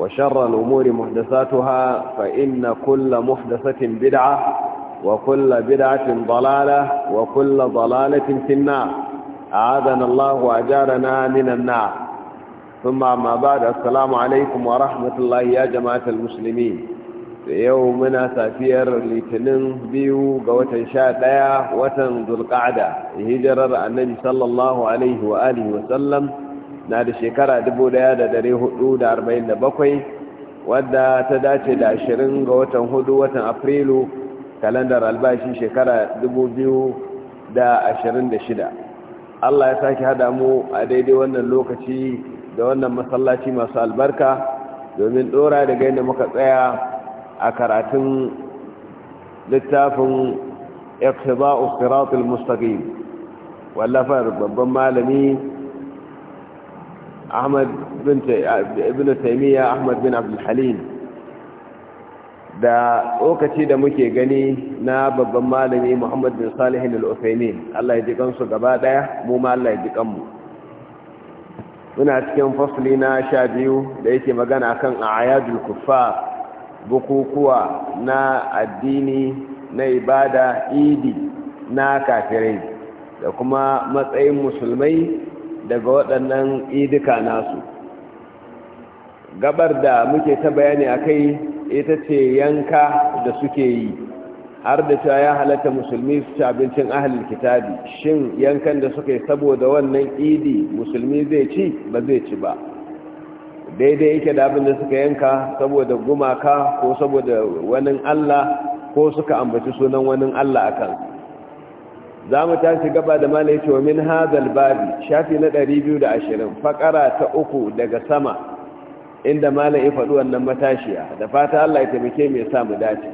وشر الأمور محدثاتها فإن كل محدثة بدعة وكل بدعة ضلالة وكل ضلالة في النار أعاذنا الله وأجارنا من النار ثم ما بعد السلام عليكم ورحمة الله يا جماعة المسلمين في يومنا سافير لتنم بيو قوة شاتيا وتنذ القعدة هجرر النبي صلى الله عليه وآله وسلم na da shekara 1447 wadda ta dace da 20 ga watan hudu watan afrilu kalandar albashi shekara 2026 Allah ya sake hada mu a daidai wannan lokaci da wannan masallaci masu albarka domin dora daga yadda muka tsaya a karatun littafin iqtiba'us siratul mustaqim wallafar babban malami ahmad bin ibn taymiya ahmad bin abdul halim da lokaci da muke gani na babban malami muhammad bin salihin al-uthaymin Allah ya ji kansu gaba daya mu ma Allah ya ji kanmu muna cikin fasli na sha biyu da yake magana kan ayadul kuffar bukukuwa na addini na ibada idi na kafirai da kuma matsayin musulmai daga waɗannan idika nasu gabar da muke ta bayani a kai ita ce yanka da suke yi har da cewa ya halatta musulmi su ci abincin ahalin kitabi shin yankan da suka yi saboda wannan idi musulmi zai ci ba zai ci ba daidai yake da abin da suka yanka saboda gumaka ko saboda wani allah ko suka ambaci sunan wani allah a kansu za mu tashi gaba da mala yace wa min hadal babi shafi na 220 fakara ta uku daga sama inda mala ya faɗi wannan matashiya da fata Allah ya taimake mu ya mu dace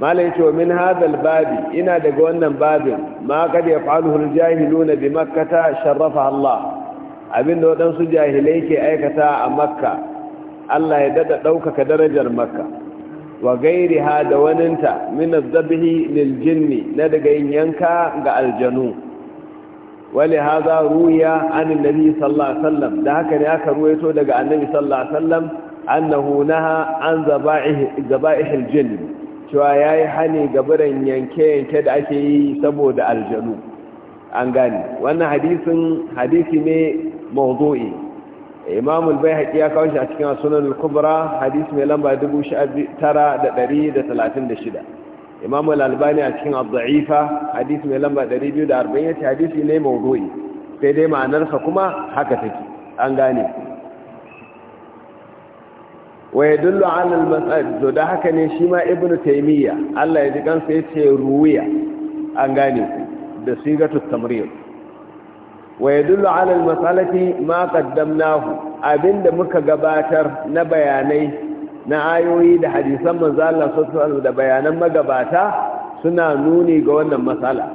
mala yace wa min hadal babi ina daga wannan babin ma kad yaf'aluhu al-jahiluna bi Makkata, sharrafa Allah abinda waɗansu jahilai ke aikata a makka Allah ya dada ɗaukaka darajar makka wa ha da waninta min az-zabhi lil jinni na daga yin yanka ga aljanu wali hadha ruya an Nabi sallallahu alaihi da haka ne aka ruwaito daga annabi sallallahu alaihi wasallam annahu naha an zaba'ihi zaba'ih al-jinn cewa yayi hani gabaran yanke yanke da ake yi saboda aljanu an gani wannan hadisin hadisi ne mawdu'i imam al-baihaqi ya kawo shi a cikin sunan al-kubra hadisi mai lamba 9936 imam al-albani a cikin ad-da'ifa hadisi mai lamba 240 ce hadisi ne mawdu'i sai dai ma'anarsa kuma haka take an gane wa yadullu ala al-mas'al to da haka ne shi ma ibnu taymiya Allah ya ji kansa yace ruwiya an gane da sigatu tamrir wa yadullu ala al-mas'alati abinda muka gabatar na bayanai na ayoyi da hadisan manzo da bayanan magabata suna nuni ga wannan matsala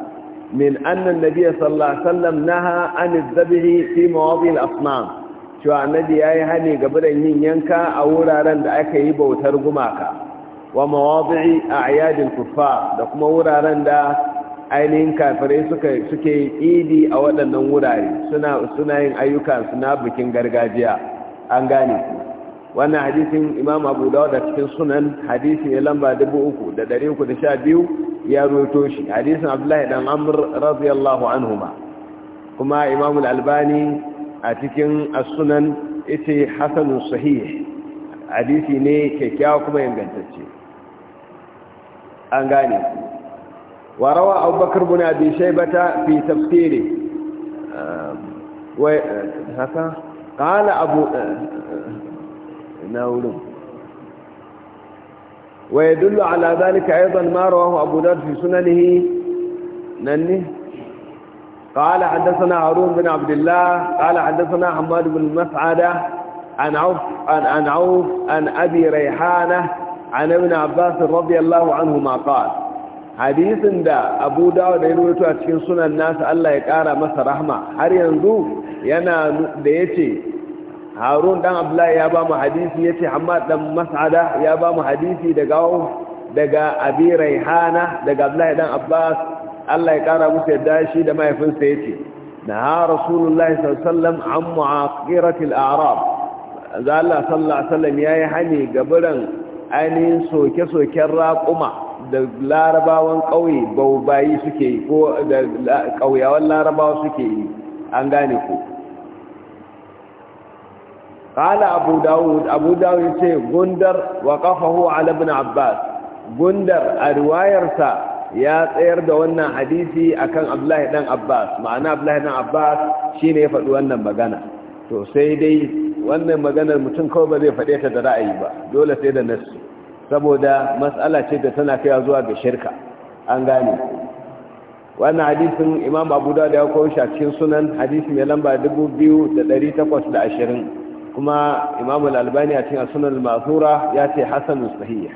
min annan nabiyyi sallallahu alaihi wasallam naha an adh-dhabhi fi mawadi' al-asnam cewa annabi yayi hane ga biran yin yanka a wuraren da aka yi bautar gumaka wa a a'yadil kuffar da kuma wuraren da ainihin kafirai suke idi a waɗannan wurare suna yin ayyuka suna bikin gargajiya an gane wannan hadisin imam abu dawud da cikin sunan hadisi ne lamba 3,312 ya roto shi hadisin abdullahi dan amr radiyallahu anhuma kuma imam albani a cikin sunan ita hasanun sahih hadisi ne kyakkyawa kuma ingantacce an gane وروى أبو بكر بن أبي شيبة في تفسيره و... هكا قال أبو ناولون ويدل على ذلك أيضا ما رواه أبو ذر في سننه نني قال حدثنا هارون بن عبد الله قال حدثنا حماد بن مسعدة عن عوف عن, عن عوف عن أبي ريحانة عن ابن عباس رضي الله عنهما قال hadisin da abu dawo da ya a cikin sunan nasa allah ya ƙara masa rahma har yanzu yana da ya ce harun dan abdullahi ya ba mu hadisi ya ce hamad dan mas'ada ya ba mu hadisi daga daga abi raihana daga abdullahi dan abbas allah ya ƙara musu yadda shi da mahaifinsa ya ce na ha rasulullah sallallahu an mu'aqiratil a'rab za allah sallallahu alaihi wasallam yayi hani gabaran ainihin soke-soken raƙuma da larabawan ƙauye baubayi suke yi ko da ƙauyawan larabawa suke yi an gane ku ƙala abu dawud abu dawud ce gundar wa ƙafahu alabin abbas gundar a riwayarsa ya tsayar da wannan hadisi akan abdullahi dan abbas ma'ana abdullahi dan abbas shine ya faɗi wannan magana to sai dai wannan maganar mutum kawai ba zai faɗe ta da ra'ayi ba dole sai da nassi saboda matsala ce da tana kaiwa zuwa ga shirka an gane wannan hadisin imam abu da ya kawo shi cikin sunan hadisi mai lamba 2820 kuma imam al-albani a cikin sunan al-mazura ya ce hassan sahih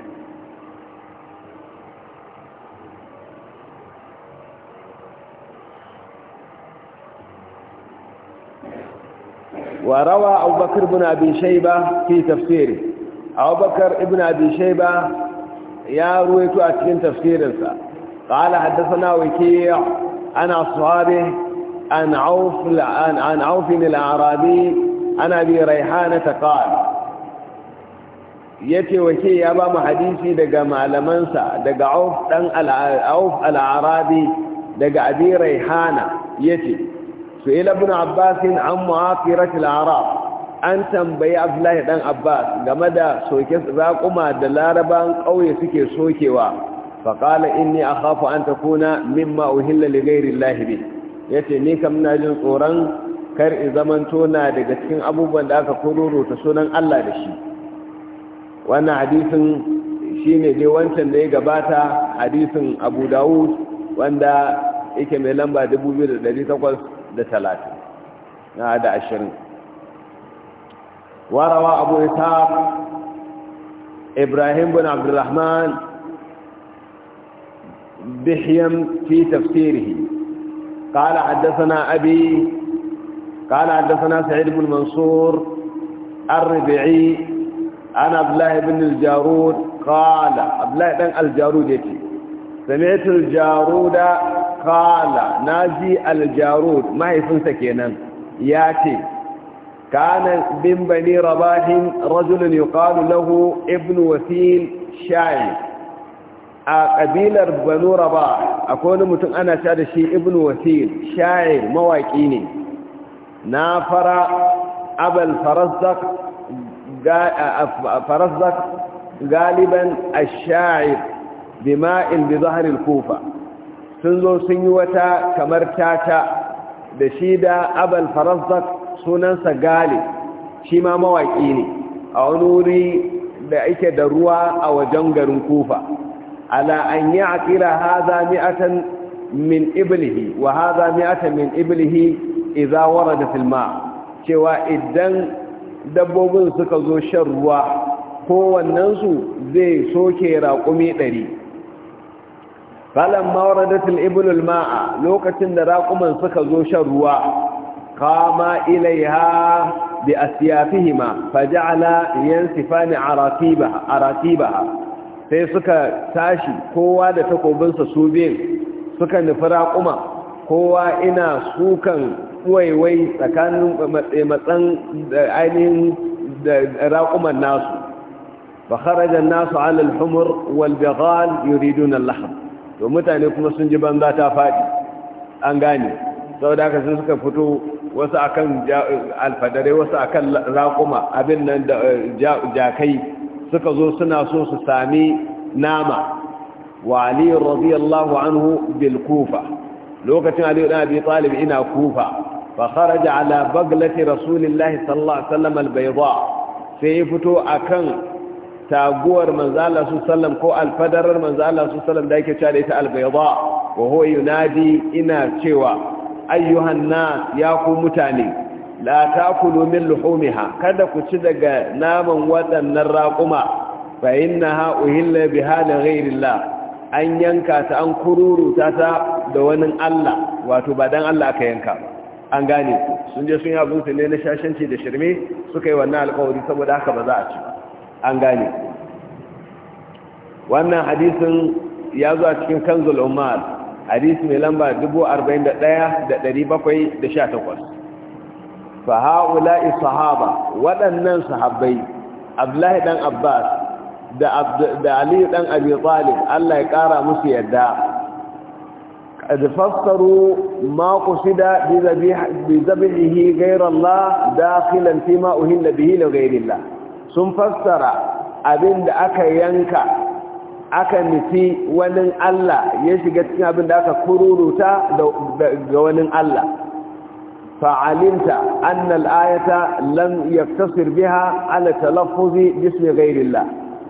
Warawa rawa bana bin abin shaiba fi tafsirin. abubakar ibn Abishai ba ya ruwaito a cikin tafsirinsa qala haddathana ana sahabi an auf an an ana bi raihana Ya yace wake ya ba mu hadisi daga malamansa daga auf dan al daga abi raihana yace su ila Abbasin an mu'afirat an tambayi abdullahi dan abbas game da soke raƙuma da laraban ƙauye suke sokewa qala inni a kafa an takuna kuna mimma uhilla li gairi lahibi ya ce ni kam na jin tsoron kar in zamanto na daga cikin abubuwan da aka ta sunan allah da shi wannan hadisin shine dai wancan da ya gabata hadisin abu dawud wanda yake mai lamba 2830 na da ashirin. وروى أبو إسحاق إبراهيم بن عبد الرحمن بحيم في تفسيره قال حدثنا أبي قال حدثنا سعيد بن منصور الربيعي عن عبد الله بن الجارود قال عبد الله بن الجارود يتي سمعت الجارود قال ناجي الجارود ما يفنسك ينام ياتي كان من بني رباح رجل يقال له ابن وثيل شاعر قبيلة بنو رباح أكون متن أنا شاد شي ابن وثيل شاعر مواكيني نافر أبا الفرزدق فرزدق غالبا الشاعر بماء بظهر الكوفة سنزو سنوة كمرتاتا دشيدا أبا الفرزدق sunansa gali shi ma mawaƙi ne a wani wuri da ake da ruwa a wajen garin kufa ala an yi aƙira haza mi'atan min iblihi wa haza min iblihi wara da filma cewa idan dabbobin suka zo shan ruwa kowannensu zai soke raƙumi ɗari falon mawar da ma'a lokacin da raƙuman suka zo shan ruwa قاما إليها بأسيافهما فجعل ينسفان عراتيبها عراتيبها sai suka tashi kowa da takobinsa su biyu suka nufi raƙuma kowa ina sukan waiwai tsakanin matsan ainihin raƙuman nasu ba kharajan nasu alal humur wal bighal yuridun laham to mutane kuma sun ji banza ta faɗi an gane da haka sun suka fito wasu akan alfadare wasu akan raƙuma abin nan da eh, jakai suka zo suna so su sami nama wa ali radiyallahu anhu bil kufa lokacin ali ibn abi talib ina kufa fa kharaja ala baglati rasulillahi sallallahu alaihi wasallam al bayda sai fito akan taguwar manzo Allah sallam ko alfadarar manzo Allah sallam da yake cewa da ita al bayda wa huwa yunadi ina cewa ayyuhan na ya ku mutane la takulu min luhumiha kada ku ci daga naman waɗannan raƙuma fa innaha uhilla biha li ghayrillah an yanka ta an kururu ta ta da wani Allah wato ba dan Allah aka yanka an gane ku sun je sun yi abin su ne na shashanci da shirme suka yi wannan alƙawari saboda haka ba za a ci an gane ku wannan hadisin ya zo a cikin kanzul umar hadisi mai lamba 41,718 fa ha'ula'i sahaba waɗannan sahabbai abdullahi ɗan abbas da aliyu ɗan abi talib allah ya ƙara musu yadda قد فسروا ما قصد بذبحه غير الله داخلا فيما أهل به لغير الله sun fassara abin da aka yanka aka nufi wani Allah ya shiga cikin abin da aka kururuta ga wani Allah fa'alinta annal ayata lam yaktasir biha ala talaffuzi bismi ghairillah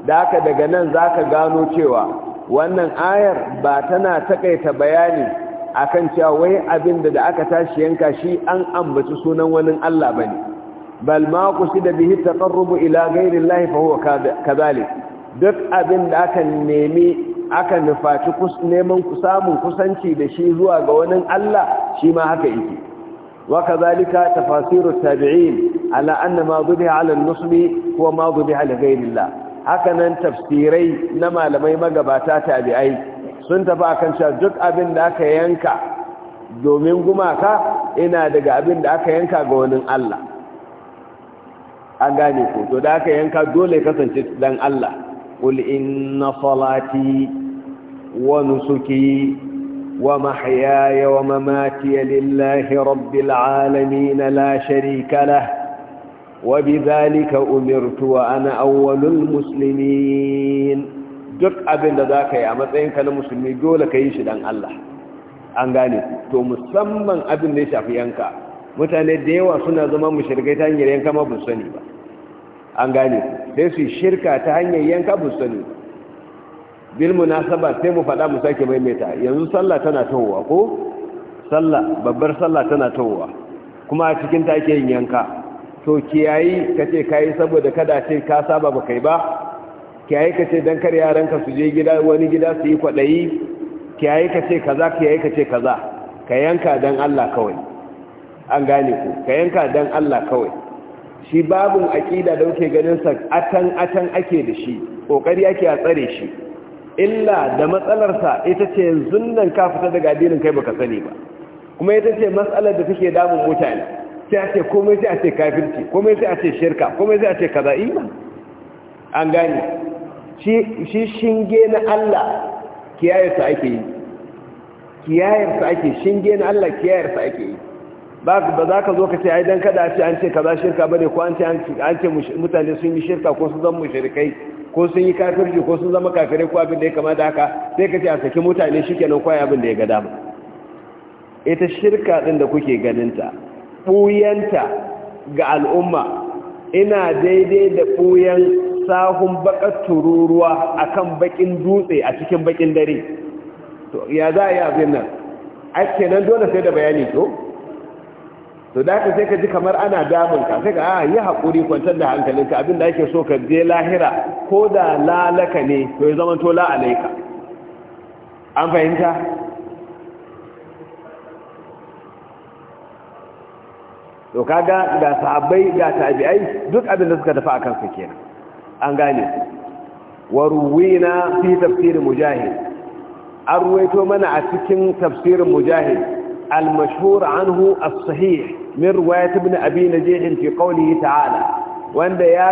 da aka daga nan zaka gano cewa wannan ayar ba tana takaita bayani akan cewa wai abin da aka tashi yanka shi an ambaci sunan wani Allah bane bal ma qusida bihi taqarrubu ila ghairillahi fa huwa kadhalik duk abin da aka nemi aka nufaci neman samun kusanci da shi zuwa ga wani Allah shi ma haka yake waka zalika tafasiru tabi'in ala anna ma dhubiha ala nusbi huwa ma haka nan tafsirai na malamai magabata tabi'ai sun tafi akan cewa duk abin da aka yanka domin gumaka ina daga abin da aka yanka ga wani Allah an gane ko to da aka yanka dole kasance dan Allah قل إن صلاتي ونسكي ومحياي ومماتي لله رب العالمين لا شريك له وبذلك أمرت وأنا أول المسلمين duk abin da za ka yi a matsayinka na musulmi dole ka yi shi don Allah an gane to musamman abin da ya shafi yanka mutane da yawa suna zama mushirgai ta hanyar yanka ma sani ba an gane sai su shirka ta hanyar yanka busani bil munasaba sai mu faɗa mu sake maimaita yanzu sallah tana tawowa ko sallah babbar sallah tana tawowa kuma a cikin ta ake yin yanka to kiyayi kace kai saboda kada ce ka saba ba kai ba kiyaye ka ce kar kar yaranka su je gida wani gida su yi kwaɗayi kiyaye ka kaza kiyaye ka kaza ka yanka dan Allah kawai an gane ku ka yanka dan Allah kawai shi babin aƙida da kuke ganin sa atan atan ake da shi ƙoƙari ake a tsare shi illa da matsalarsa ita ce yanzu nan ka fita daga adinin kai baka sani ba kuma ita ce matsalar da take damun mutane sai a ce komai sai a ce kafirci komai sai a ce shirka komai sai a ce kaza iman an gane shi shinge na Allah kiyayarsa ake yi kiyayarsa ake shinge na Allah kiyayarsa ake yi ba za ka zo ka ce aidan kada ce an ce za shirka bane ko an ce an ce mutane sun yi shirka ko sun zama mushrikai ko sun yi kafirci ko sun zama kafirai ko abin da ya kamata haka sai ka ce a saki mutane kenan kwaya abin da ya gada ba. ita shirka din da kuke ganinta buyanta ga al'umma ina daidai da buyan sahun bakar tururuwa akan bakin dutse a cikin bakin dare to ya za a yi abin nan ake nan dole sai da bayani to to da ka sai ka ji kamar ana damun ka sai ka a ah, yi haƙuri kwantar da hankalinka abin da ake so ka je lahira ko da lalaka ne to ya zama to la'alaika an fahimta to kaga ga sahabbai ga tabi'ai duk abin da suka tafi akan su kenan an gane wa ruwina fi tafsir mujahid arwaito mana a cikin tafsirin mujahid al-mashhur anhu as-sahih min ruwayat ibn abi najih fi qawlihi ta'ala wanda ya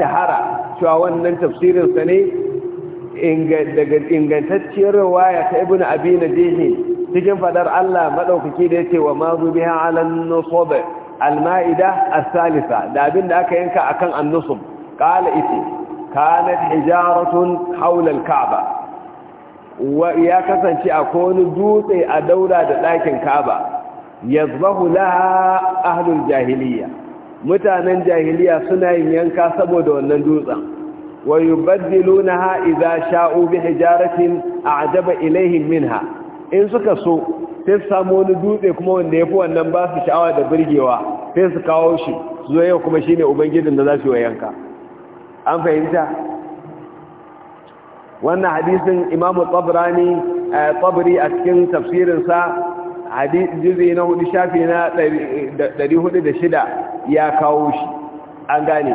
shahara cewa wannan tafsirin ne daga ingantacciyar waya ta ibn abi najih cikin faɗar Allah madaukaki da yace wa ma biha ala nusub al-ma'ida as-salisa da abin da aka yanka akan an-nusub qala ite kanat hijaratun hawla al-ka'ba ya kasance a wani dutse a daura da ɗakin kaba yazbahu laha ahlul jahiliya mutanen jahiliya suna yin yanka saboda wannan dutsen wa yubaddilunaha idza sha'u bi hijaratin a'jaba ilaihin minha in suka so sai su samu wani dutse kuma wanda yafi wannan ba su sha'awa da burgewa sai su kawo shi su zo yau kuma shine ubangijin da za su yi yanka an fahimta wannan hadisin imamu tabrani eh, tabri a cikin tafsirinsa juzi na hudu shafi na 406 ya kawo shi an gane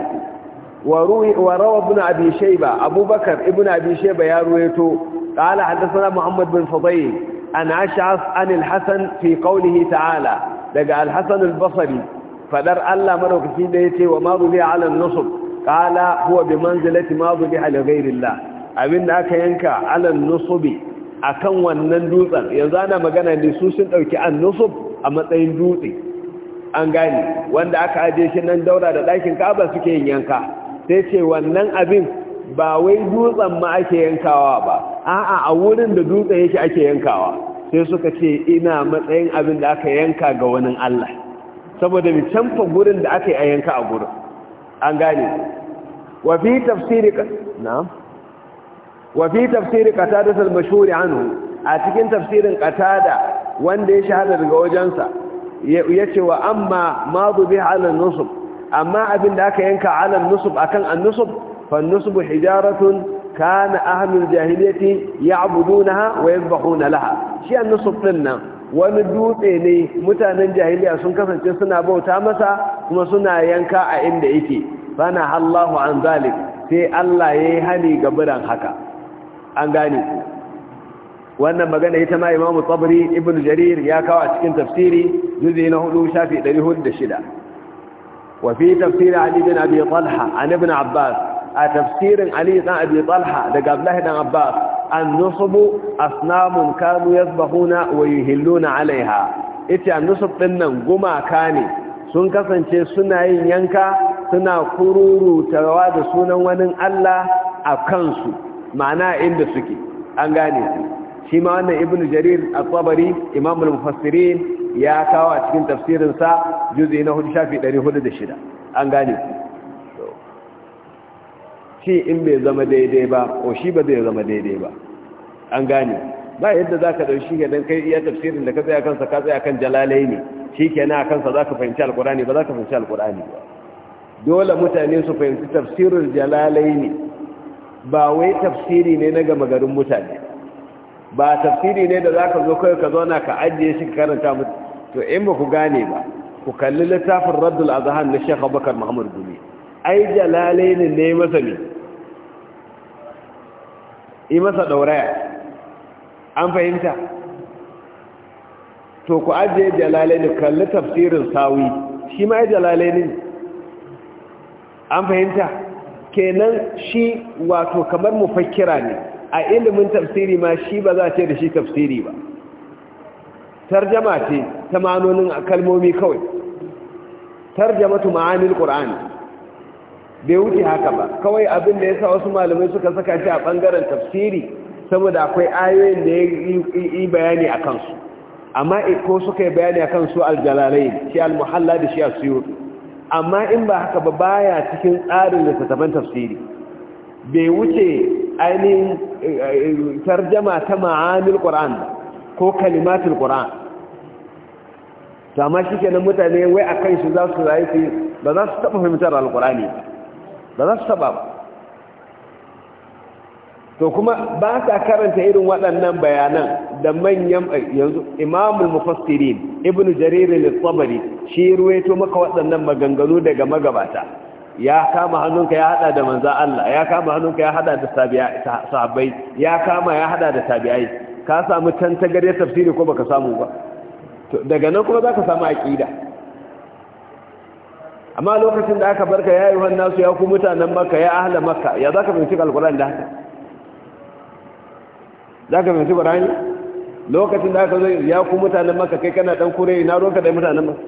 wa rawa ibn abi shayba abubakar ibn abi shayba ya ruwaito qala hadathana muhammad bin fadayl an ash'as an al-hasan fi qawlihi ta'ala daga al-hasan al-basri fadar Allah madaukaki da yace wa ma bi ala an-nusb qala huwa bi manzilati ma bi ala ghayri Allah abinda aka yanka ala an-nusbi akan wannan dutsen yanzu ana magana ne su sun ɗauki an a matsayin dutse an gane wanda aka aje shi nan daura da ɗakin kaba suke yin yanka sai ce wannan abin ba wai dutsen ma ake yankawa ba a'a a wurin da dutse yake ake yankawa sai suka ce ina matsayin abin da aka yanka ga wani Allah saboda mu canfa gurin da aka yi a yanka a gurin an gane wa fi tafsiri na'am wa fi tafsiri qatada al-mashhur anhu a cikin tafsirin qatada wanda ya shahada daga wajensa yace wa amma ma bi ala nusub amma abinda aka yanka ala nusub akan an-nusub fa an hijaratun kana ahlul jahiliyyati ya'budunaha wa yadhbahuna nalaha shi an-nusub din nan wani dutse ne mutanen jahiliya sun kasance suna bauta masa kuma suna yanka a inda yake fana Allahu an sai Allah ya yi hani ga biran haka an gane wannan magana ita ma imamu tsabri ibn jarir ya kawo a cikin tafsiri juzi na hudu shafi 406 wa tafsirin ali bin abi talha an ibn abbas a tafsirin ali dan abi talha daga abdullahi dan abbas an nusubu asnamun kanu yasbahuna wa yuhilluna alaiha ita an nusub din nan gumaka ne sun kasance suna yin yanka suna kururutawa da sunan wani allah a kansu ma'ana inda suke an gane su shi ma wannan Ibn jarir al tabari al mufassirin ya kawo a cikin tafsirin sa juz'i na 4 shafi 406 an gane su shi in bai zama daidai ba ko shi ba zai zama daidai ba an gane ba yadda zaka dauki ga dan kai iya tafsirin da ka tsaya kansa ka tsaya kan jalalaini shikenan kansa, sa zaka fahimci al-qur'ani ba zaka fahimci al-qur'ani ba dole mutane su fahimci tafsirul jalalaini ba wai tafsiri ne na gama garin mutane ba tafsiri ne da za ka zo kai ka zauna ka ajiye shi karanta mutu to in ba ku gane ba ku kalli littafin raddul azhan na shekha bakar muhammad gumi ai jalalaini ne masa ne yi masa ɗauraya an fahimta to ku ajiye jalalaini kalli tafsirin sawi shi ma ai jalalaini an fahimta kenan shi wato kamar mufakkira ne a ilimin tafsiri ma shi ba za ce da shi tafsiri ba tarjama ce ta manonin kalmomi kawai tarjamatu ma'anil qur'ani bai wuce haka ba kawai abin da ya sa wasu malamai suka saka shi a bangaren tafsiri saboda akwai ayoyin da ya yi bayani a kansu amma ko suka yi bayani a kansu aljalalai shi almuhalla da shi a suyutu amma in ba haka ba baya cikin tsarin littattafan tafsiri bai wuce ainihin eh, tarjama ta ma'amil ƙoran ko kalimatul ƙoran to amma shi kenan mutane wai a kan shi za su rayu ba za su taɓa fahimtar alƙorani ba za su taɓa ba to kuma ba sa karanta irin waɗannan bayanan da manyan eh, yanzu imamul mufassirin ibnu jarir al-tabari shi ruwaito maka waɗannan maganganu daga magabata ya kama hannunka ya hada da manzo Allah ya kama hannunka ya hada da sahabbai ya kama ya hada da tabi'ai ka samu tantagare tafsiri ko baka samu ba to daga nan kuma zaka samu aqida amma lokacin da aka barka ya yi wannan su ya ku mutanen makka ya ahla makka ya zaka bincika alquran da haka za ka fahimci barani lokacin da aka zo ya ku mutanen maka kai kana dan kure na ruwanka da mutanen maka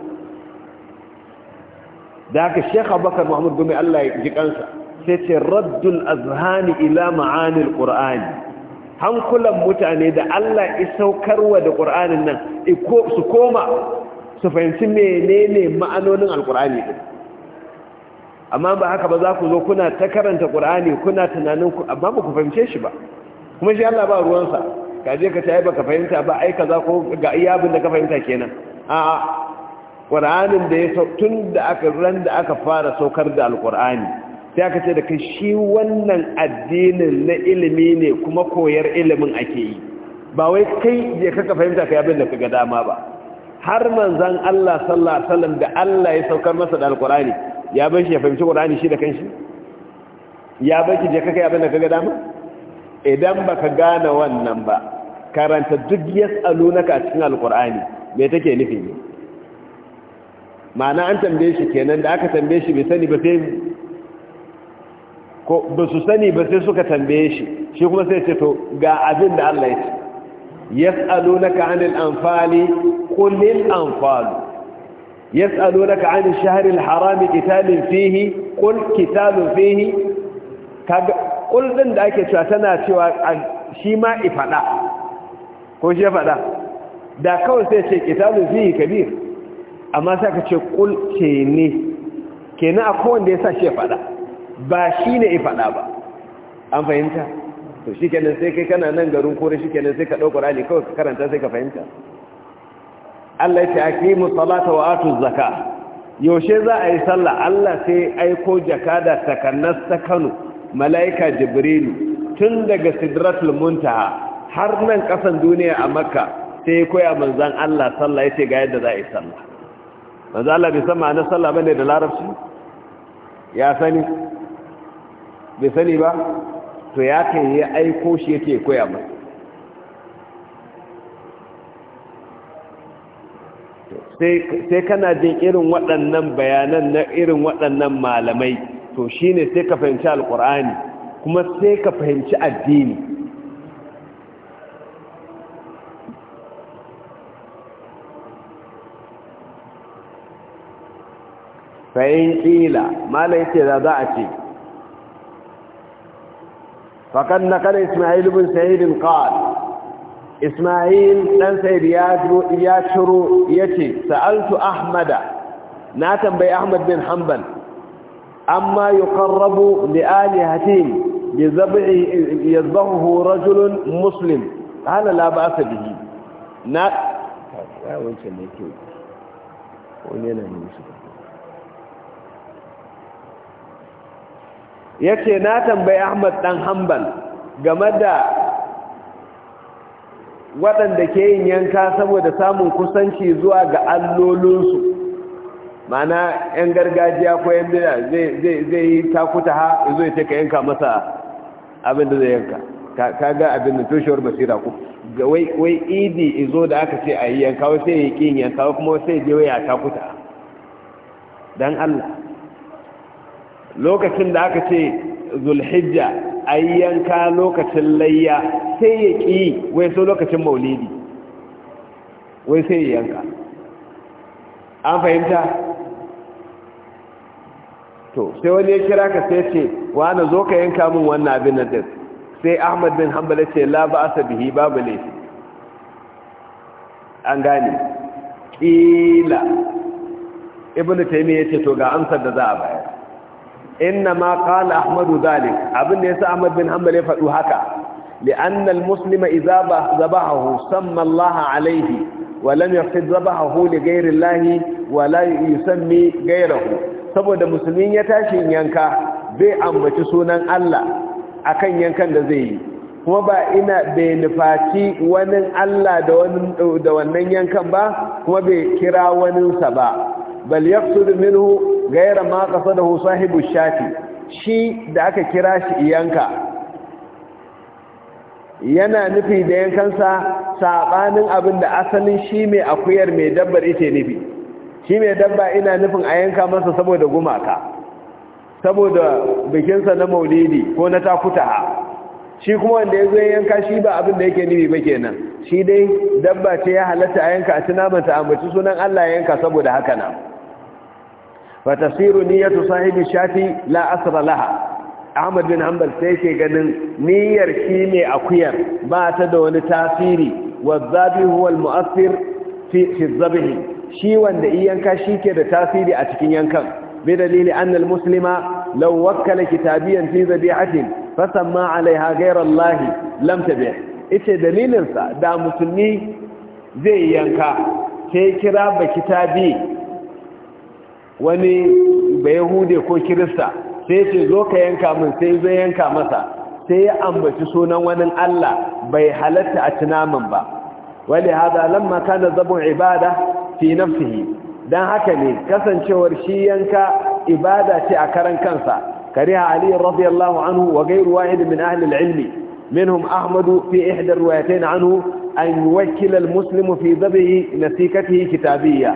da haka shekha bakar Muhammadu gumi allah ya ji kansa sai ce raddul azhani ila ma'anil qur'ani hankulan mutane da allah isaukarwa da qur'anin nan su koma su fahimci menene ma'anonin alqur'ani din amma ba haka ba za ku zo kuna ta karanta qur'ani kuna tunanin amma ba ku fahimce shi ba kuma shi Allah ba ruwansa ka je ka tayi baka fahimta ba ai kaza ko ga iya abin da ka fahimta kenan a Qur'anin da ya tun da aka ran da aka fara saukar da alqur'ani sai aka ce da kai shi wannan addinin na ilimi ne kuma koyar ilimin ake yi ba wai kai je ka ka fahimta kai abin da ka ga dama ba har manzon Allah sallallahu alaihi wasallam da Allah ya saukar masa da alqur'ani ya bar shi ya fahimci qur'ani shi da kanshi ya bar shi je kai abin da ka ga dama idan ba ka gane wannan ba karanta duk na a cikin alqur'ani mai take nufi ne ma'ana an tambaye shi kenan da aka tambaye shi bai sani ba sai ko ba su sani ba sai suka tambaye shi shi kuma sai ce to ga abin da Allah ya ce yas'alunaka 'anil anfali qul lil anfali ka anil shahril الحرام kitalin fihi قل kitalin fihi ƙul ɗin da ake cewa tana cewa shi ma ifaɗa ko shi ya faɗa da kawai sai ce ƙitalun fiye kabir amma sai ka ce ƙul ce ne ke na a da ya sa shi ya faɗa ba shi ne ifaɗa ba an fahimta to shi kenan sai kai kana nan garin kore shi kenan sai ka ɗaukar ali kawai ka karanta sai ka fahimta Allah ya ce yi musalata wa atu zaka yaushe za a yi sallah Allah sai aiko jakada takannas ta Kano mala'ika jibrilu tun daga sidratul muntaha har nan kasan duniya a makka sai ya koya manzan Allah sallah ya ce ga yadda za a yi sallah manzan Allah bai sama na sallah bane da larabci ya sani bai sani ba to ya kan yi aiko shi yake koya masa sai kana jin irin waɗannan bayanan na irin waɗannan malamai to shi ne sai ka fahimci alkur'ani kuma sai ka fahimci addini fa'in ƙila mala yake da za a ce faƙan na kan ismail bin sa'idin ƙa'ad ismail ɗan sa'id ya ciro ya ce sa'altu ahmada na tambayi ahmad bin hanbal amma يقرب li alihatihim bi zab'i yadhbahu ya yace na tambayi Ahmad dan Hanbal game da waɗanda ke yin yanka saboda samun kusanci zuwa ga allolinsu mana yan gargajiya ko yan bida zai yi takuta ha zo ya ce ka yanka masa abin da zai yanka ka ga abin da toshewar basira ku wai idi izo da aka ce a yi yanka wai sai ya yi ƙin yanka kuma sai je waya takuta don allah lokacin da aka ce zulhijja a yi yanka lokacin layya sai ya ƙi wai so lokacin maulidi wai sai ya yanka an fahimta to sai wani ya kira ka sai ce wa na zo ka yanka min wannan abin nan din sai ahmad bin hanbal ce la ba asa bihi babu ne an gane kila ibnu taymi yace to ga amsar da za a bayar inna ma qala ahmadu zalik abin da yasa ahmad bin hanbal ya faɗu haka لأن المسلم إذا ذبحه سمى الله عليه ولم يقصد ذبحه لغير الله ولا يسمي غيره saboda musulmin ya tashi yanka bai ambaci sunan Allah a kan yankan da zai yi kuma ba ina bai nufaci wani Allah da wannan yankan ba kuma bai kira waninsa ba bal yaqsud minhu ghayra ma qasadahu sahibu shafi. shi da aka kira shi yanka yana nufi da yankansa saɓanin abin da asalin shi mai akuyar mai dabbar ita nufi shi mai dabba ina nufin a yanka masa saboda gumaka saboda bikinsa na maulidi ko na takutaha shi kuma wanda ya zo yanka shi ba abin da yake nufi ba kenan shi dai dabba ce ya halatta a yanka a tunamanta a mace sunan Allah ya yanka saboda haka na Fatasiru niyyar niyyatu sahibi shafi la'asara laha Ahmad bin Hanbal sai ke ganin niyyar shi mai akuyar ba ta da wani tasiri wa zabi huwal mu'asir mu'assir fi shi wanda yanka shi ke da tasiri a cikin yankan bi dalili annal muslima law wakkala kitabiyan fi zabi'atin fa samma 'alayha ghayra Allah lam tabi' ite dalilin sa da musulmi zai yanka sai kira ba kitabi wani ba yahude ko kirista sai ce zo ka yanka min sai zai yanka masa sai ya ambaci sunan wani Allah bai halatta a tunamin ba wali hada lamma kana zabu ibada fi nafsihi dan haka ne kasancewar shi yanka ibada ce a karan kansa kariha ali radiyallahu anhu wa ghayru wahid min ahli al-ilm minhum ahmad fi ihda riwayatayn anhu an yuwakkil al-muslim fi dhabihi nasikatihi kitabiyya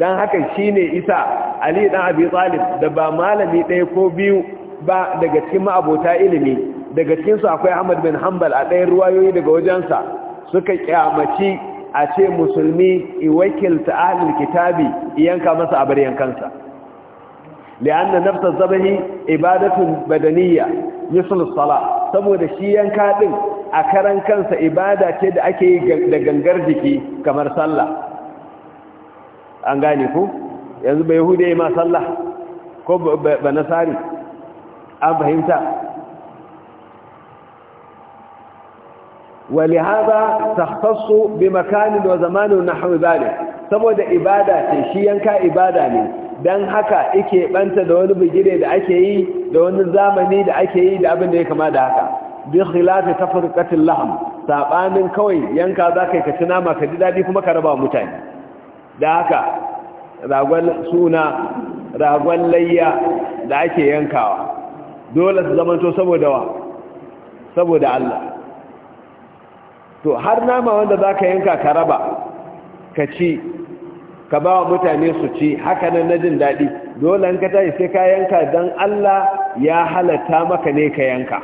dan haka shine isa ali dan abi talib da ba malami ɗaya ko biyu ba daga cikin ma'abota ilimi daga cikinsu akwai ahmad bin hanbal a ɗayan ruwayoyi daga wajensa suka kyamaci a ce musulmi wakilta ahlul kitabi yanka masa a bari yankansa li'anna nafsa zabahi ibadatun badaniyya misal sala saboda shi yanka din a karan kansa ibada ce da ake yi da gangar jiki kamar sallah an gane ku yanzu bai yahude ma sallah ko ba nasari an fahimta ولهذا تختص بمكان وزمان نحو ذلك saboda ibada ce shi yanka ibada ne dan haka ike banta da wani bigire da ake yi da wani zamani da ake yi da abin da ya kama da haka bi khilafi tafriqatil laham, sabanin kawai yanka zakai ka ci nama ka ji dadi kuma ka raba mutane da haka ragon suna ragon layya da ake yankawa dole su zamanto saboda wa saboda Allah to har nama wanda za ka yanka ka raba ka ci ka ba wa mutane su ci haka na jin daɗi dole an ka tashi sai ka yanka don Allah ya halatta maka ne ka yanka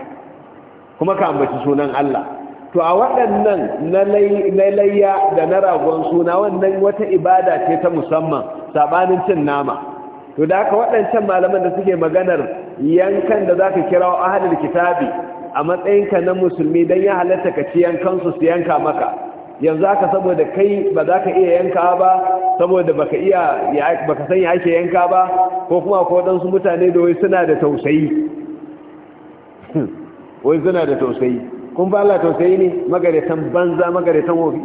kuma ka ambaci sunan Allah to a waɗannan na layya da na ragon suna wannan wata ibada ce ta musamman saɓanin cin nama to da haka waɗancan malaman da suke maganar yankan da za ka kira wa ahalin kitabi a matsayinka na musulmi don ya halatta ka ci yankansu su yanka maka yanzu haka saboda kai ba za ka iya yanka ba saboda baka iya baka san ya ake yanka ba ko kuma ko dan su mutane da wai suna da tausayi wai suna da tausayi kun ba Allah tausayi ne magaratan banza magaratan wofi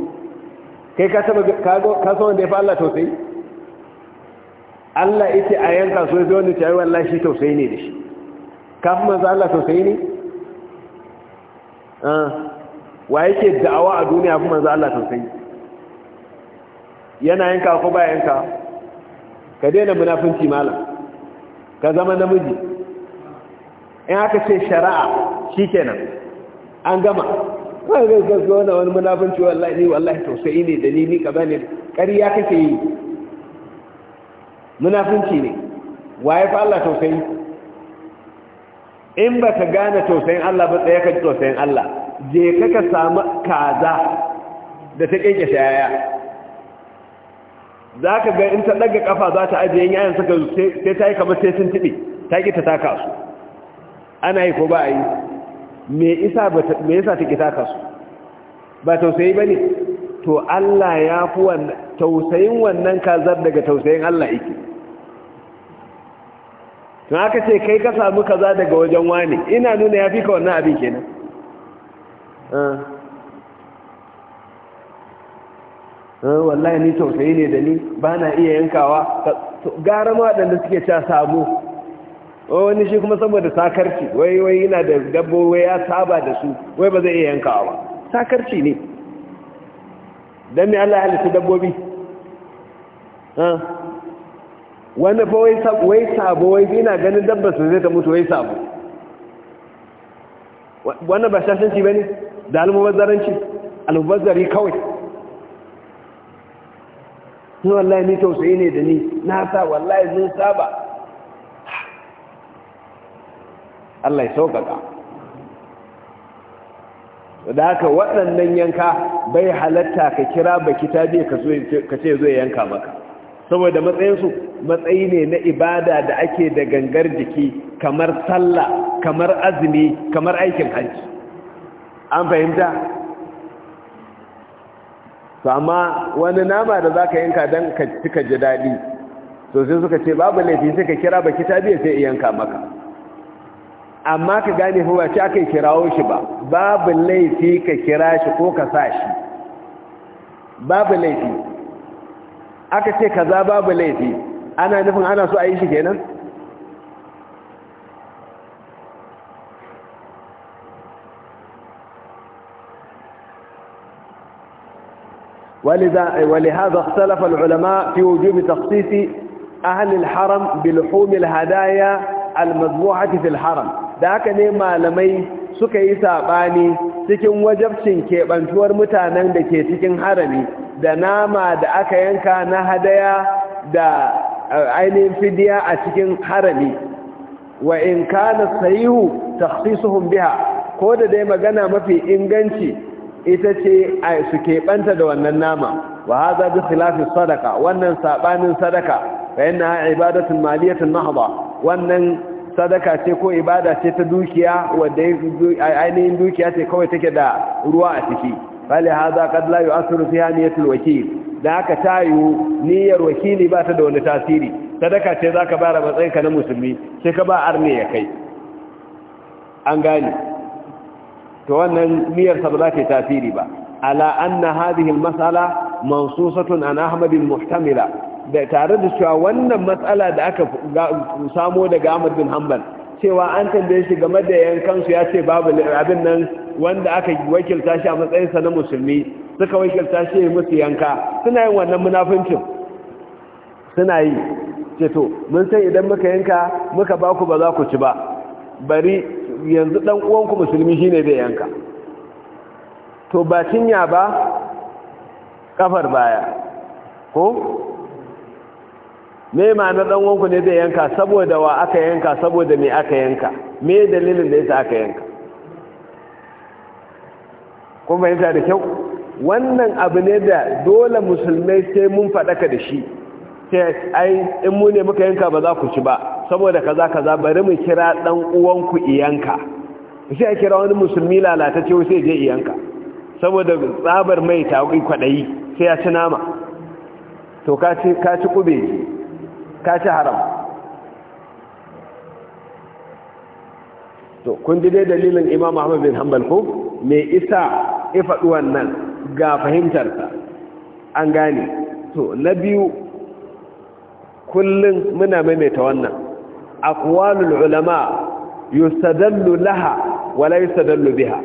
kai ka saba ka san wanda ya fa Allah tausayi Allah yake a yanka so sai wani tayi wallahi shi tausayi ne da shi kafin manzo Allah tausayi ne wa yake da'awa a duniya kuma manzo Allah tausayi yana yanka ko ba yanka ka daina munafunci malam ka zama namiji in aka ce shari'a shikenan an gama kawai ga gaskiya wannan wani munafunci wallahi ne wallahi tausayi ne dalili ka ne ƙarya kake yi munafunci ne waye fa Allah tausayi in ba ka gane tausayin Allah ba tsaye ka ji tausayin Allah je ka ka samu kaza da ta ƙinƙe shayaya za ka ga in ta ɗaga ƙafa za ta ajiye yayan suka sai ta yi kamar sai sun tiɓe ta ƙi ta taka su ana yi ko ba a yi me isa ta ƙi taka su ba tausayi ba ne to Allah ya fi tausayin wannan kazar daga tausayin Allah yake tun aka ce kai ka samu kaza daga wajen wani ina nuna ya fi ka wannan abin kenan ah. Ah, wallahi ni tausayi ne da ni ba na iya yankawa gara ma waɗanda suke ca samu oh, wani shi kuma saboda sakarci wai wai yana da dabbo wai ya saba da su wai ba zai iya yankawa ba sakarci ne don mai Allah halittu dabbobi ah. wani fa wai sabo wai ina ganin dabbar su zai ta mutu wai sabo wannan ba shashanci ba ne da almubazzaranci almubazzari kawai sun wallahi ni tausayi ne da ni na sa wallahi zai saba Allah ya sauƙaƙa da haka waɗannan yanka bai halatta ka kira baki ta ka ce zai yanka maka saboda matsayinsu matsayi ne na ibada da ake da gangar jiki kamar sallah kamar azumi kamar aikin hajji an fahimta to amma wani nama da za ka yanka don ka cika ji daɗi to sai suka ce babu laifi sai ka kira ba ta biya sai yanka maka amma ka gane ba ce aka kirawo shi ba babu laifi ka kira shi ko ka sa shi babu laifi aka ce kaza babu laifi ana nufin ana so a shi kenan ولهذا اختلف العلماء في وجوب تخصيص أهل الحرم بلحوم الهدايا المذبوحة في الحرم ذاك نيما لمي سكي ساباني سكي وجبشن كي بانتور متانا دكي سكي حرمي da nama da aka yanka na hadaya da ainihin fidiya a cikin harami wa in kana sayihu takhsisuhum biha ko da dai magana mafi inganci ita ce a su keɓanta da wannan nama wa haza bi khilafi sadaka wannan sabanin sadaka fa inna ibadatun maliyatun mahdha wannan sadaka ce ko ibada ce ta dukiya wanda ainihin dukiya ce kawai take da ruwa a ciki فلهذا قد لا يؤثر فيها نية الوكيل niyyar wakili ba ta da wani tasiri. sadaka ce za ka bara matsayinka na musulmi sai ka ba arne ya kai an gane to wannan niyyarsa ba za ta yi tasiri ba ala anna hadhihi mas'ala mansusatun an ahmad muhtamila da tare da cewa wannan matsala da aka samo daga ahmad bin hanbal cewa an tambaye shi game da yankan su ya ce babu abin nan wanda aka wakilta shi a matsayinsa na musulmi suka wakilta shi ya musu yanka suna yin wannan munafincin suna yi ceto mun san idan muka yanka muka ba ku ba za ku ci ba bari yanzu dan uwanku musulmi shine zai yanka to ba cinya ba kafar baya ko me ma na dan uwanku ne zai yanka saboda wa aka yanka saboda me aka yanka me dalilin da yasa aka yanka kun fahimta da kyau wannan abu ne da dole musulmai sai mun faɗaka da shi sai ai in mu ne muka yanka ba za ku ci ba saboda kaza kaza bari mu kira dan uwanku iyanka sai a kira wani musulmi lalatacce sai je iyanka saboda tsabar mai tawi kwadayi sai ya ci nama to ka ci ka ci kube ka ci haram to kun ji dai dalilin Imam Ahmad bin Hanbal ko me isa ya faɗi wannan ga fahimtarsa an gane to na biyu kullum muna maimaita wannan akwalul ulama yustadallu laha wala yustadallu biha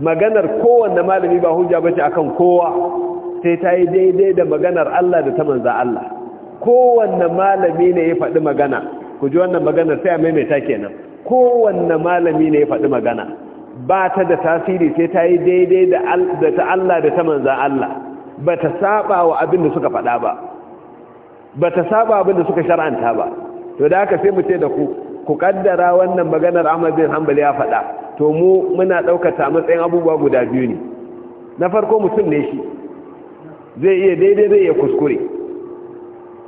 maganar kowanne malami ba hujja bace akan kowa sai ta yi daidai da maganar Allah da ta manza Allah kowanne malami ne ya faɗi magana ku ji wannan maganar sai a maimaita kenan kowanne malami ne ya faɗi magana ba ta da tasiri sai ta yi daidai da ta Allah da ta manzan Allah ba ta saba wa abin da suka faɗa ba ba ta saba abin da suka shar'anta ba to da haka sai mu ce da ku ku kaddara wannan maganar Ahmad bin Hanbal ya faɗa to mu muna ɗaukar ta matsayin abubuwa guda biyu ne na farko mutum ne shi zai iya daidai zai iya kuskure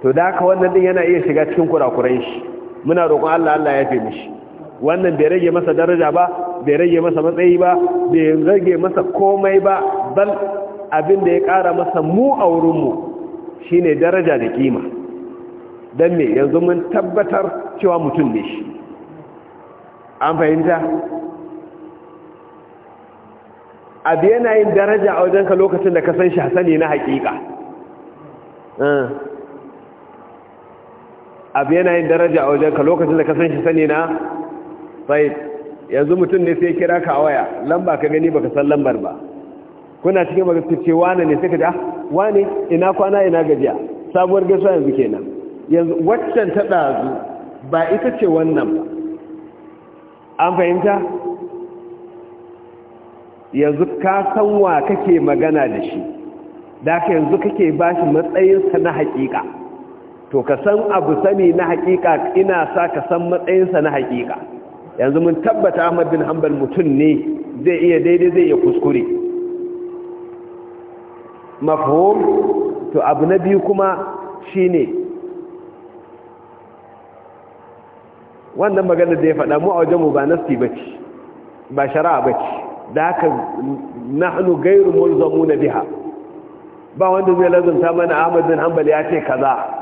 to da haka wannan din yana iya shiga cikin kurakuran shi muna roƙon Allah Allah ya fi mishi wannan bai rage masa daraja ba bai rage masa matsayi ba bai rage masa komai ba bal abin da ya kara masa mu a wurinmu shine daraja da kima don me yanzu mun tabbatar cewa mutum ne shi an fahimta abu yana yin daraja a wajenka lokacin da ka san shi hasani na hakika eh. abu yana yin daraja a wajenka lokacin da ka san shi sani na tsaye yanzu mutum ne sai kira ka waya lamba ka gani baka san lambar ba kuna cikin baka su ce wane ne sai ka da ah, wane ina kwana ina gajiya sabuwar gaisuwa yanzu kenan yanzu waccan ta ɗazu ba ita ce wannan ba an fahimta yanzu ka san wa kake magana da shi da ka yanzu kake ba shi matsayinsa na haƙiƙa to ka san abu sani na haƙiƙa ina sa ka san matsayinsa na haƙiƙa yanzu mun tabbata ahmad bin hanbal mutum ne zai iya daidai zai iya kuskure mafhum to abu na biyu kuma shine wannan maganar da ya faɗa mu a mu ba nasti bace ba shara'a bace da haka nahnu gairu mulzamuna biha ba wanda zai lazumta mana ahmad bin hanbal ya ce kaza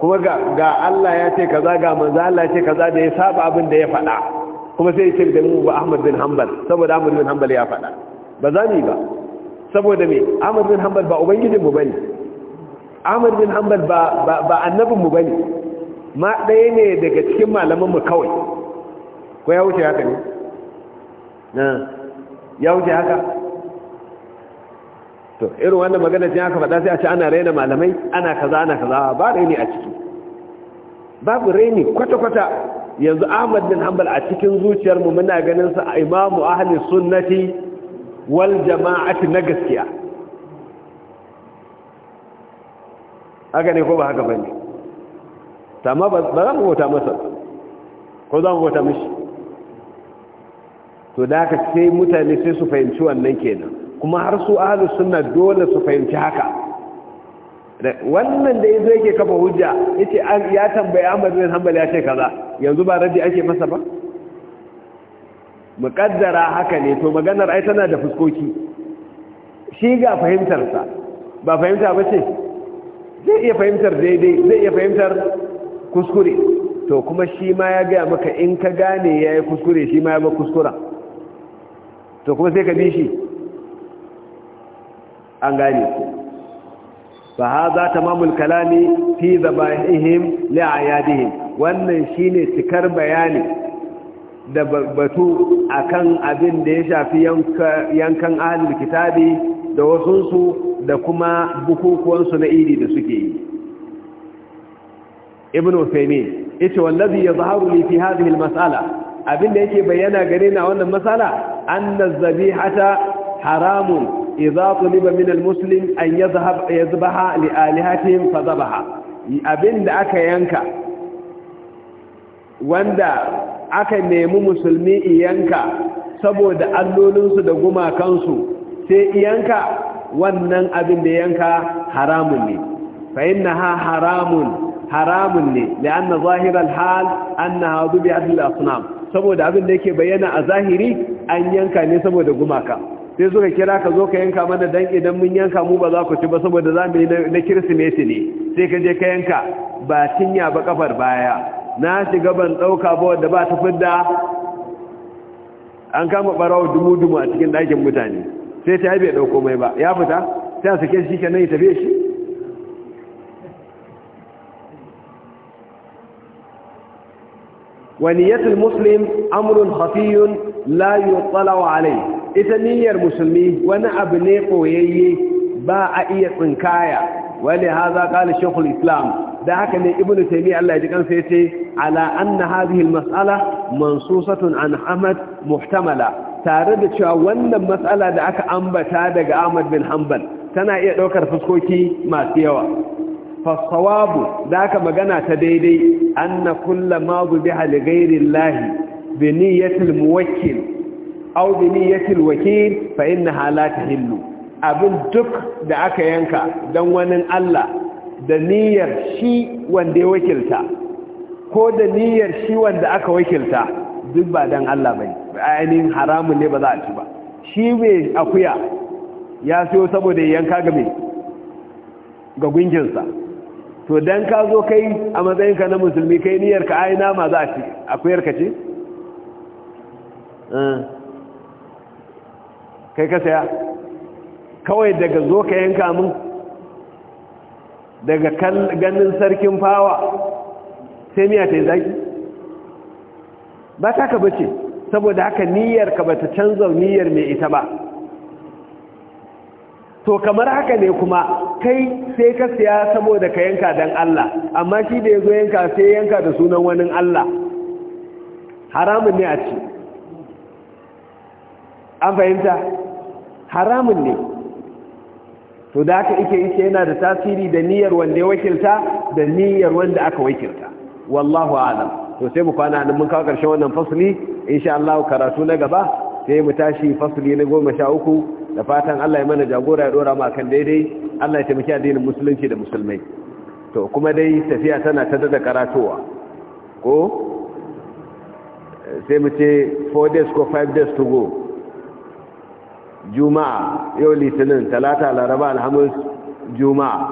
kuma ga Allah ya ce kaza ga manzo Allah ya ce kaza da ya saba abin da ya faɗa kuma sai ya ce da mu ba Ahmad bin Hanbal saboda Ahmad bin Hanbal ya faɗa ba za ba saboda me Ahmad bin Hanbal ba ubangijin mu bane Ahmad bin Hanbal ba ba annabin mu bane ma ɗaya ne daga cikin malaman mu kawai ko ya wuce haka ne na ya wuce haka to irin wannan magana jin aka faɗa sai a ce ana raina malamai ana kaza ana kaza ba raini a ciki babu raini kwata-kwata yanzu ahmad bin hanbal a cikin zuciyar mu muna ganin sa imamu ahli sunnati wal jama'ati na gaskiya haka ne ko ba haka bane amma ba za mu wata masa ko za mu wata mishi to da haka sai mutane sai su fahimci wannan kenan kuma har su ahalus sunna dole su fahimci haka wannan da yazo yake kafa hujja yace ya tambayi Ahmad bin Hanbal ya ce kaza yanzu ba ra'ji ake masa ba muqaddara haka ne to maganar ai tana da fuskoki shi ga fahimtar sa ba fahimta ba ce zai iya fahimtar daidai zai iya fahimtar kuskure to kuma shi ma ya gaya maka in ka gane ya yi kuskure shi ma ya ba kuskura to kuma sai ka bi shi an gane ku fa hadha tamamul kalami fi zabaihim li ayadihim wannan shine cikar bayani da batu akan abin da ya shafi yankan ahlul kitabi da wasunsu da kuma bukukuwansu na idi da suke yi ibn Uthaymeen yace wallazi yadhharu li fi hadhihi almas'ala da yake bayyana gare ni a wannan mas'ala anna zabihata haramun idza tuliba min almuslim an yadhhab yadhbaha li alihatihim fadhabaha abinda aka yanka wanda aka nemi musulmi iyanka saboda allolinsu da gumakansu sai iyanka wannan abin da yanka haramun ne fa haramun ne lianna zahiral hal annaha dhubihat lil asnam saboda abin da yake bayyana a zahiri an yanka ne saboda gumaka sai suka kira ka zo ka yanka mana dan idan mun yanka mu ba za ku ci ba saboda za mu yi na kirsimeti ne sai ka je ka yanka ba cinya ba kafar baya na shiga ban ɗauka ba wadda ba ta fidda an kama ɓarawa dumu-dumu a cikin ɗakin mutane sai ta haibe ɗauko mai ba ya fita sai a sake shi kenan ya tafiye shi waniyatul muslim amrun hafiyun la yutsalawa alai ita niyyar musulmi wani abu ne koyayye ba a iya tsinkaya wani haza kala shekul islam da haka ne ibnu taimi Allah ya ji kansa yace ala anna hadhihi almas'ala mansusatun an ahmad muhtamala tare da cewa wannan mas'ala da aka ambata daga Ahmad bin Hanbal tana iya daukar fuskoki masu yawa sawabu da aka magana ta daidai anna kullu ma bi ghairi ghayri bi niyyati almuwakkil aw bi niyyatil wakil fa innaha la tahillu abin duk da aka yanka dan wani Allah da niyyar shi wanda ya wakilta ko da niyyar shi wanda aka wakilta duk ba dan Allah bane ainihin haramun ne ba za a ci ba shi me akuya ya siyo saboda yanka ga me ga gunginsa to dan ka zo kai a matsayinka na musulmi kai niyyar ka aina ma za a ci akuyar ka ce eh. kai ka saya kawai daga zo ka yanka mun daga ganin sarkin fawa sai miya ta yi zaki ba ta ka bace saboda haka niyyar ka bata canza niyyar mai ita ba to kamar haka ne kuma kai sai ka siya saboda ka yanka dan Allah amma shi da ya zo yanka sai yanka da sunan wani Allah haramun ne a ce an fahimta haramun ne to da aka ike ike yana da tasiri da niyyar wanda ya wakilta da niyyar wanda aka wakilta wallahu alam to sai mu kwana nan mun kawo karshen wannan fasli insha Allah karatu na gaba sai mu tashi fasli na goma sha uku da fatan Allah ya mana jagora ya dora mu akan daidai Allah ya taimaki addinin musulunci da musulmai to kuma dai tafiya tana ta da karatowa ko eh, sai mu ce 4 days ko 5 days to go جمعه يوم الاثنين ثلاثه الاربعاء الخميس جمعه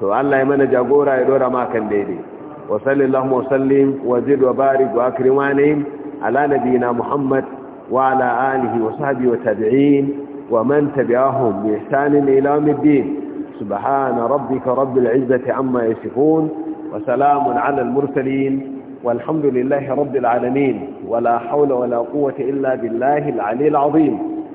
تو الله يمنى جغورا يدور ما كان ديدي وصلي اللهم وسلم وزد وبارك واكرمانهم على نبينا محمد وعلى اله وصحبه وتابعين ومن تبعهم باحسان الى يوم الدين سبحان ربك رب العزه عما يصفون وسلام على المرسلين والحمد لله رب العالمين ولا حول ولا قوه الا بالله العلي العظيم